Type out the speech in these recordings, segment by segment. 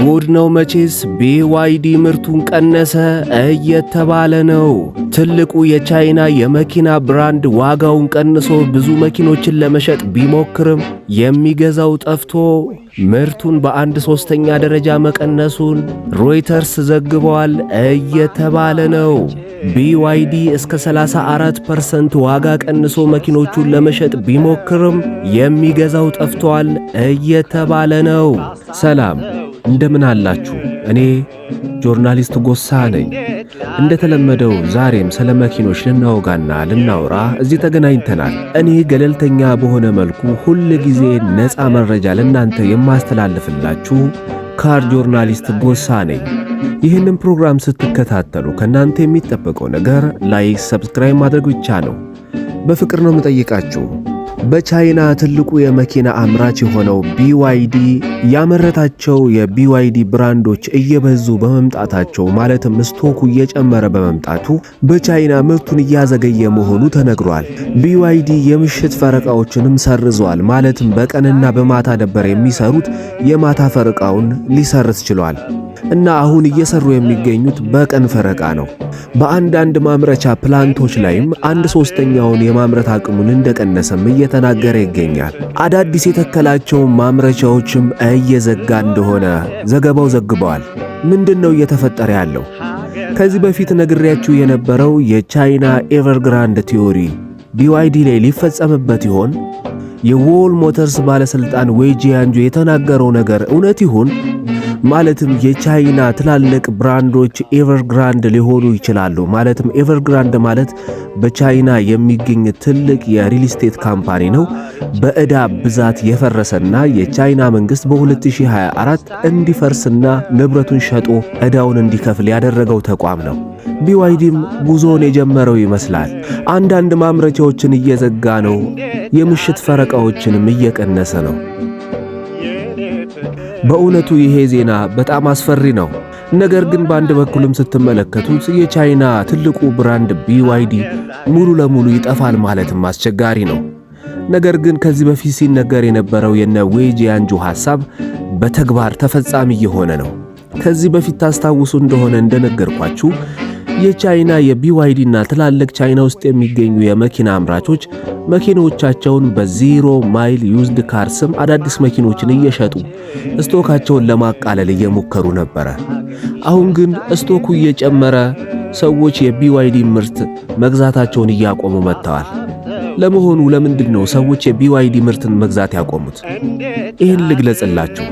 ጉድ ነው መቼስ ቢዋይዲ ምርቱን ቀነሰ እየተባለ ነው። ትልቁ የቻይና የመኪና ብራንድ ዋጋውን ቀንሶ ብዙ መኪኖችን ለመሸጥ ቢሞክርም የሚገዛው ጠፍቶ ምርቱን በአንድ ሶስተኛ ደረጃ መቀነሱን ሮይተርስ ዘግበዋል እየተባለ ነው። ቢዋይዲ እስከ 34% ዋጋ ቀንሶ መኪኖቹን ለመሸጥ ቢሞክርም የሚገዛው ጠፍቷል እየተባለ ነው። ሰላም እንደምን አላችሁ? እኔ ጆርናሊስት ጎሳ ነኝ። እንደተለመደው ዛሬም ስለ መኪኖች ልናወጋና ልናወራ እዚህ ተገናኝተናል። እኔ ገለልተኛ በሆነ መልኩ ሁል ጊዜ ነፃ መረጃ ለእናንተ የማስተላልፍላችሁ ካር ጆርናሊስት ጎሳ ነኝ። ይህንን ፕሮግራም ስትከታተሉ ከእናንተ የሚጠበቀው ነገር ላይክ፣ ሰብስክራይብ ማድረግ ብቻ ነው። በፍቅር ነው የምጠይቃችሁ። በቻይና ትልቁ የመኪና አምራች የሆነው ቢዋይዲ ያመረታቸው የቢዋይዲ ብራንዶች እየበዙ በመምጣታቸው ማለትም ስቶኩ እየጨመረ በመምጣቱ በቻይና ምርቱን እያዘገየ መሆኑ ተነግሯል። ቢዋይዲ የምሽት ፈረቃዎችንም ሰርዟል። ማለትም በቀንና በማታ ነበር የሚሰሩት፣ የማታ ፈረቃውን ሊሰርዝ ችሏል። እና አሁን እየሰሩ የሚገኙት በቀን ፈረቃ ነው። በአንዳንድ ማምረቻ ፕላንቶች ላይም አንድ ሶስተኛውን የማምረት አቅሙን እንደቀነሰም እየተናገረ ይገኛል። አዳዲስ የተከላቸውን ማምረቻዎችም እየዘጋ እንደሆነ ዘገባው ዘግበዋል። ምንድን ነው እየተፈጠረ ያለው? ከዚህ በፊት ነግሬያችሁ የነበረው የቻይና ኤቨርግራንድ ቲዮሪ ቢዋይዲ ላይ ሊፈጸምበት ይሆን? የዎል ሞተርስ ባለሥልጣን ዌጂያንጆ የተናገረው ነገር እውነት ይሁን? ማለትም የቻይና ትላልቅ ብራንዶች ኤቨርግራንድ ሊሆኑ ይችላሉ። ማለትም ኤቨርግራንድ ማለት በቻይና የሚገኝ ትልቅ የሪል ስቴት ካምፓኒ ነው። በዕዳ ብዛት የፈረሰና የቻይና መንግስት በ2024 እንዲፈርስና ንብረቱን ሸጦ ዕዳውን እንዲከፍል ያደረገው ተቋም ነው። ቢዋይዲም ጉዞውን የጀመረው ይመስላል። አንዳንድ ማምረቻዎችን እየዘጋ ነው። የምሽት ፈረቃዎችንም እየቀነሰ ነው። በእውነቱ ይሄ ዜና በጣም አስፈሪ ነው። ነገር ግን በአንድ በኩልም ስትመለከቱት የቻይና ትልቁ ብራንድ ቢዋይዲ ሙሉ ለሙሉ ይጠፋል ማለትም አስቸጋሪ ነው። ነገር ግን ከዚህ በፊት ሲነገር የነበረው የነ ዌጂያንጁ ሐሳብ በተግባር ተፈጻሚ እየሆነ ነው። ከዚህ በፊት ታስታውሱ እንደሆነ እንደነገርኳችሁ የቻይና የቢዋይዲ እና ትላልቅ ቻይና ውስጥ የሚገኙ የመኪና አምራቾች መኪኖቻቸውን በዚሮ ማይል ዩዝድ ካር ስም አዳዲስ መኪኖችን እየሸጡ ስቶካቸውን ለማቃለል እየሞከሩ ነበረ። አሁን ግን ስቶኩ እየጨመረ ሰዎች የቢዋይዲ ምርት መግዛታቸውን እያቆሙ መጥተዋል። ለመሆኑ ለምንድን ነው ሰዎች የቢዋይዲ ምርትን መግዛት ያቆሙት? ይህን ልግለጽላችሁ።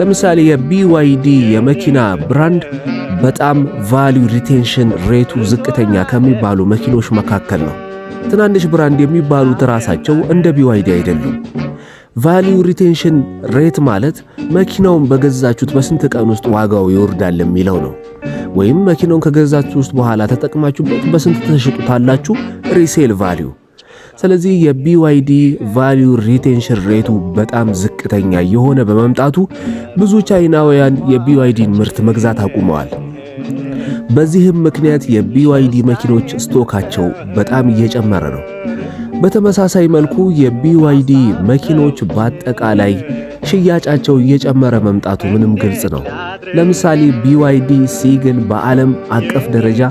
ለምሳሌ የቢዋይዲ የመኪና ብራንድ በጣም ቫሊዩ ሪቴንሽን ሬቱ ዝቅተኛ ከሚባሉ መኪኖች መካከል ነው። ትናንሽ ብራንድ የሚባሉት ራሳቸው እንደ ቢዋይዲ አይደሉም። ቫሊዩ ሪቴንሽን ሬት ማለት መኪናውን በገዛችሁት በስንት ቀን ውስጥ ዋጋው ይወርዳል የሚለው ነው። ወይም መኪናውን ከገዛችሁ ውስጥ በኋላ ተጠቅማችሁበት በስንት ተሸጡታላችሁ ሪሴል ቫሊዩ። ስለዚህ የቢዋይዲ ቫሊዩ ሪቴንሽን ሬቱ በጣም ዝቅተኛ የሆነ በመምጣቱ ብዙ ቻይናውያን የቢዋይዲን ምርት መግዛት አቁመዋል። በዚህም ምክንያት የቢዋይዲ መኪኖች ስቶካቸው በጣም እየጨመረ ነው። በተመሳሳይ መልኩ የቢዋይዲ መኪኖች በአጠቃላይ ሽያጫቸው እየጨመረ መምጣቱ ምንም ግልጽ ነው። ለምሳሌ ቢዋይዲ ሲግን በዓለም አቀፍ ደረጃ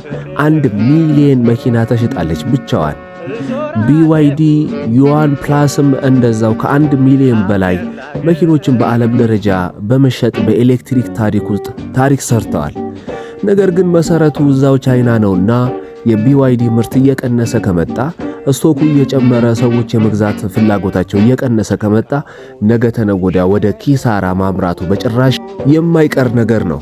አንድ ሚሊየን መኪና ተሽጣለች ብቻዋን። ቢዋይዲ ዩዋን ፕላስም እንደዛው ከአንድ ሚሊዮን በላይ መኪኖችን በዓለም ደረጃ በመሸጥ በኤሌክትሪክ ታሪክ ውስጥ ታሪክ ሰርተዋል። ነገር ግን መሰረቱ እዛው ቻይና ነውና የቢዋይዲ ምርት እየቀነሰ ከመጣ ስቶኩ እየጨመረ ሰዎች የመግዛት ፍላጎታቸው እየቀነሰ ከመጣ ነገ ተነጎዳ ወደ ኪሳራ ማምራቱ በጭራሽ የማይቀር ነገር ነው።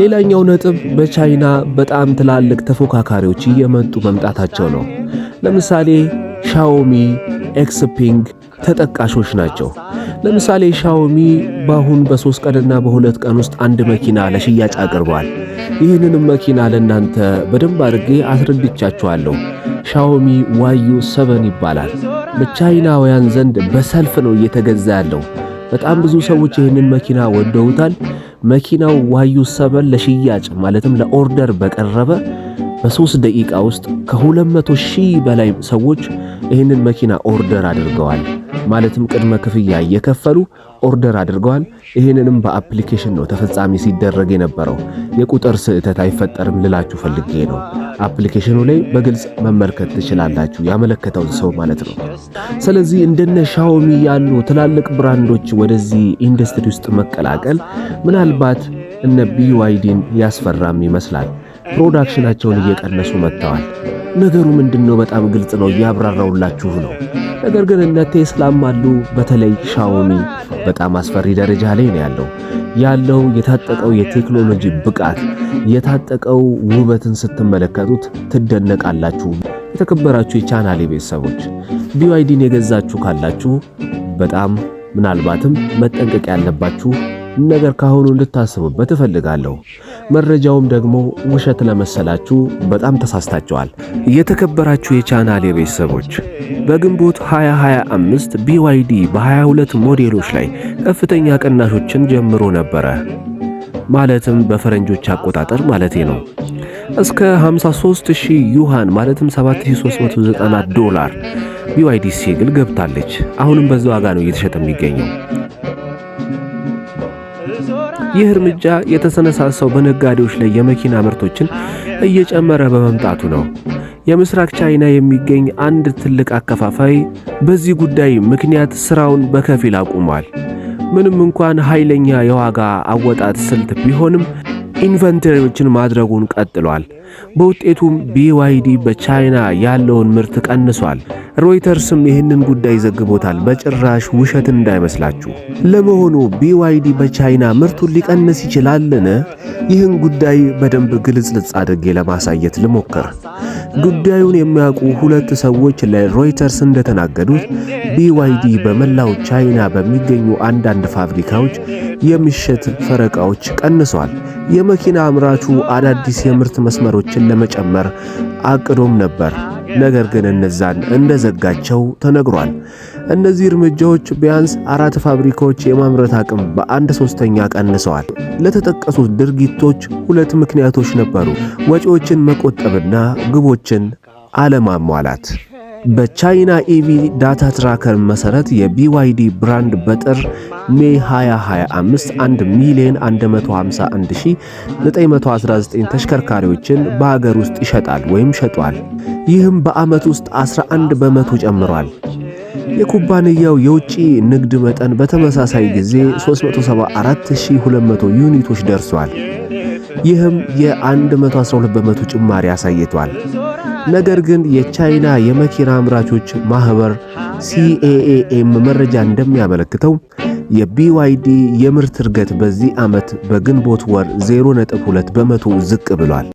ሌላኛው ነጥብ በቻይና በጣም ትላልቅ ተፎካካሪዎች እየመጡ መምጣታቸው ነው። ለምሳሌ ሻኦሚ፣ ኤክስፒንግ ተጠቃሾች ናቸው። ለምሳሌ ሻውሚ በአሁን በሶስት ቀንና በሁለት ቀን ውስጥ አንድ መኪና ለሽያጭ አቅርቧል። ይህንንም መኪና ለእናንተ በደንብ አድርጌ አስረድቻችኋለሁ። ሻውሚ ዋዩ ሰበን ይባላል። በቻይናውያን ዘንድ በሰልፍ ነው እየተገዛ ያለው። በጣም ብዙ ሰዎች ይህንን መኪና ወደውታል። መኪናው ዋዩ ሰበን ለሽያጭ ማለትም ለኦርደር በቀረበ በሶስት ደቂቃ ውስጥ ከ መቶ ሺህ በላይ ሰዎች ይህንን መኪና ኦርደር አድርገዋል። ማለትም ቅድመ ክፍያ እየከፈሉ ኦርደር አድርገዋል። ይህንንም በአፕሊኬሽን ነው ተፈጻሚ ሲደረግ የነበረው። የቁጥር ስህተት አይፈጠርም ልላችሁ ፈልጌ ነው። አፕሊኬሽኑ ላይ በግልጽ መመልከት ትችላላችሁ፣ ያመለከተውን ሰው ማለት ነው። ስለዚህ እንደነ ሻውሚ ያሉ ትላልቅ ብራንዶች ወደዚህ ኢንዱስትሪ ውስጥ መቀላቀል ምናልባት እነ ቢዋይዲን ያስፈራም ይመስላል። ፕሮዳክሽናቸውን እየቀነሱ መጥተዋል። ነገሩ ምንድነው በጣም ግልጽ ነው፣ እያብራራውላችሁ ነው። ነገር ግን እነ ቴስላም አሉ። በተለይ ሻውሚ በጣም አስፈሪ ደረጃ ላይ ነው ያለው ያለው የታጠቀው የቴክኖሎጂ ብቃት የታጠቀው ውበትን ስትመለከቱት ትደነቃላችሁ። የተከበራችሁ የቻናሌ ቤተሰቦች ቢዋይዲን የገዛችሁ ካላችሁ በጣም ምናልባትም መጠንቀቅ ያለባችሁ ነገር ካሁኑ እንድታስቡበት እፈልጋለሁ። መረጃውም ደግሞ ውሸት ለመሰላችሁ በጣም ተሳስታችኋል። የተከበራችሁ የቻናል የቤተሰቦች በግንቦት 2025 ቢዋይዲ በ22 ሞዴሎች ላይ ከፍተኛ ቅናሾችን ጀምሮ ነበረ። ማለትም በፈረንጆች አቆጣጠር ማለቴ ነው። እስከ 53000 ዩሃን ማለትም 7390 ዶላር ቢዋይዲ ሲግል ገብታለች። አሁንም በዛ ዋጋ ነው እየተሸጠ የሚገኘው። ይህ እርምጃ የተሰነሳሰው በነጋዴዎች ላይ የመኪና ምርቶችን እየጨመረ በመምጣቱ ነው። የምስራቅ ቻይና የሚገኝ አንድ ትልቅ አከፋፋይ በዚህ ጉዳይ ምክንያት ስራውን በከፊል አቁሟል። ምንም እንኳን ኃይለኛ የዋጋ አወጣት ስልት ቢሆንም ኢንቨንተሪዎችን ማድረጉን ቀጥሏል። በውጤቱም ቢዋይዲ በቻይና ያለውን ምርት ቀንሷል። ሮይተርስም ይህንን ጉዳይ ዘግቦታል። በጭራሽ ውሸት እንዳይመስላችሁ። ለመሆኑ ቢዋይዲ በቻይና ምርቱን ሊቀንስ ይችላልን? ይህን ጉዳይ በደንብ ግልጽልጽ አድርጌ ለማሳየት ልሞክር። ጉዳዩን የሚያውቁ ሁለት ሰዎች ለሮይተርስ እንደተናገዱት ቢዋይዲ በመላው ቻይና በሚገኙ አንዳንድ ፋብሪካዎች የምሽት ፈረቃዎች ቀንሷል። መኪና አምራቹ አዳዲስ የምርት መስመሮችን ለመጨመር አቅዶም ነበር። ነገር ግን እነዛን እንደዘጋቸው ተነግሯል። እነዚህ እርምጃዎች ቢያንስ አራት ፋብሪካዎች የማምረት አቅም በአንድ ሶስተኛ ቀንሰዋል። ለተጠቀሱት ድርጊቶች ሁለት ምክንያቶች ነበሩ፤ ወጪዎችን መቆጠብና ግቦችን አለማሟላት። በቻይና ኢቪ ዳታ ትራከር መሰረት የቢዋይዲ ብራንድ በጥር ሜ 2025 1 ሚሊዮን 151919 ተሽከርካሪዎችን በአገር ውስጥ ይሸጣል ወይም ሸጧል። ይህም በዓመት ውስጥ 11 በመቶ ጨምሯል። የኩባንያው የውጭ ንግድ መጠን በተመሳሳይ ጊዜ 374200 ዩኒቶች ደርሷል። ይህም የ112 በመቶ ጭማሪ አሳይቷል። ነገር ግን የቻይና የመኪና አምራቾች ማኅበር ሲኤኤኤም መረጃ እንደሚያመለክተው የቢዋይዲ የምርት እድገት በዚህ ዓመት በግንቦት ወር 0.2 በመቶ ዝቅ ብሏል።